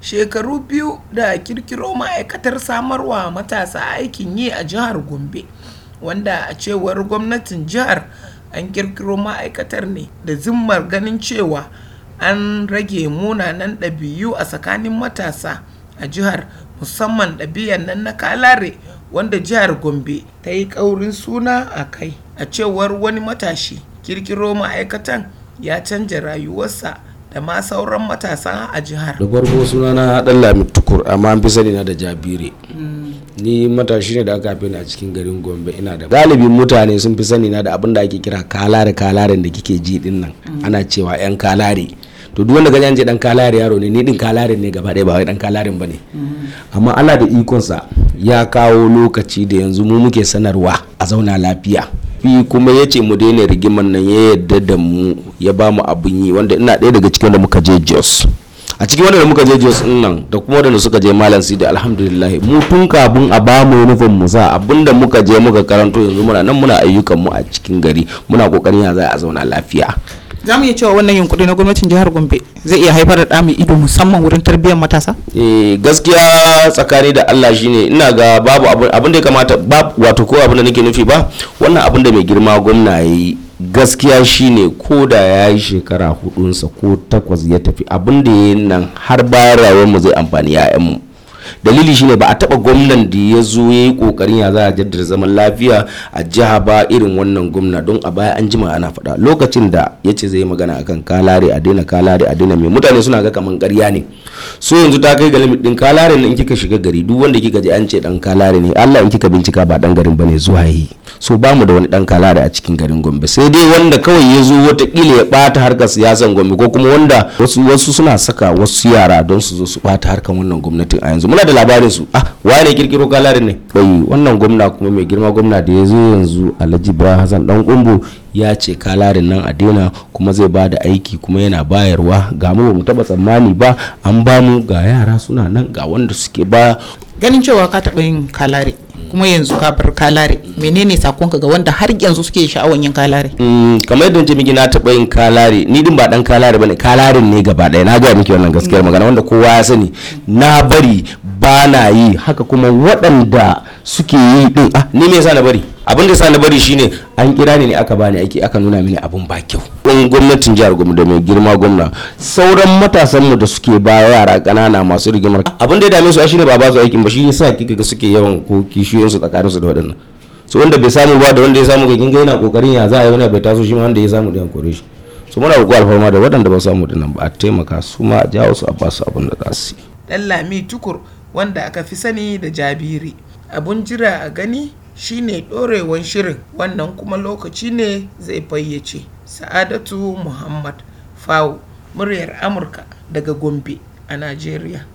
shekaru biyu da ƙirƙiro ma'aikatar samarwa matasa aikin yi a jihar Gombe, wanda a cewar gwamnatin jihar an ƙirƙiro ma'aikatar ne da zimmar ganin cewa an rage munanan ɗabi'u a tsakanin matasa a jihar musamman ɗabi'an nan na kalare wanda jihar Gombe ta yi ƙaurin suna a kai a cewar wani matashi ƙirƙiro ma'aikatan ya canja rayuwarsa da ma sauran matasa a jihar da farko sunana dan lamit tukur amma an fi sani na da jabire ni matashi ne da aka fi a cikin garin gombe ina da galibin mutane sun fi sani na da abin da ake kira kalare kalaren da kike ji din nan ana cewa yan kalare to duk wanda ganyen dan kalare yaro ne ni din kalare ne gaba ɗaya ba wai dan kalaren bane amma Allah da ikonsa ya kawo lokaci da yanzu mu muke sanarwa a zauna lafiya fi kuma ya ce mu daina rigimar nan ya yadda da mu ya ba mu abin yi wanda ina ɗaya daga cikin da muka je jos a cikin wanda muka je jos din nan da kuma wanda suka je malam sidi alhamdulillah mu tun kafin a ba mu nufin mu za abinda muka je muka karanto yanzu muna nan muna ayyukan mu a cikin gari muna kokarin ya za a zauna lafiya za mu iya cewa wannan yunkuri na gwamnatin jihar gombe zai iya haifar da mai ido musamman wurin tarbiyyar matasa eh gaskiya tsakani da allah shine ina ga babu abin da ya kamata babu wato ko abin da nake nufi ba wannan abin da mai girma gwamna ya yi gaskiya shine ko da ya yi shekara hudunsa ko takwas ya tafi abin da ya yi nan har bayan rayuwarmu zai amfani 'ya'yanmu dalili shine ba a taba gwamnan da ya zo ya yi kokarin ya za a jaddada zaman lafiya a jiha ba irin wannan gwamna don a baya an jima ana faɗa lokacin da ya ce zai magana akan kalare a daina kalare a daina mai mutane suna ga kaman ƙarya ne so yanzu ta kai ga limit din kalare ne in kika shiga gari duk wanda kika je an ce dan kalare ne Allah in kika bincika ba dan garin bane zuwa yi so ba mu da wani dan kalada a cikin garin gombe sai dai wanda kawai ya zo watakila ya bata harkar siyasan gombe ko kuma wanda wasu suna saka wasu yara don su zo su bata harkar wannan gwamnatin a yanzu muna da labarin su ah wane kirkiro kalarin ne bai wannan gwamna kuma mai girma gwamna da ya zo yanzu alhaji ibrahim hassan dan kumbu ya ce kalarin nan a daina kuma zai ba da aiki kuma yana bayarwa ga mu ba mu taba tsammani ba an ba mu ga yara suna nan ga wanda suke ba ganin cewa ka taba yin kalare kuma yanzu ka bar kalare menene sakonka ga wanda har yanzu suke sha'awar yin kalare mm, kamar yadda ce miki na taɓa yin kalare ni din ba dan kalare bane kalarin ne gaba daya na gaya miki wannan gaskiyar magana wanda kowa ya sani na bari ba na yi haka kuma waɗanda suke yi din ah ni me yasa na bari abin da sa na bari shine an kira ni ne aka bani aiki aka nuna mini abun ba kyau kuɗin gwamnatin jihar gwamna da mai girma gwamna sauran matasanmu da suke ba yara ƙanana masu rigimar abin da ya dame su shine ba ba su aikin ba shi yasa kika ga suke yawan ko kishiyoyinsu tsakaninsu da waɗannan su wanda bai samu ba da wanda ya samu kin ga yana kokarin ya za a yi wani bai taso shi ma wanda ya samu da kore shi su muna roƙo alfarma da waɗanda ba samu dinnan ba a taimaka su ma a jawo su a ba su abin da za su yi. Lami tukur wanda aka fi sani da jabiri abun jira a gani shi ne ɗorewan shirin, wannan kuma lokaci ne zai bayyace. Sa'adatu Muhammad Fawo, muryar Amurka daga Gombe a Najeriya.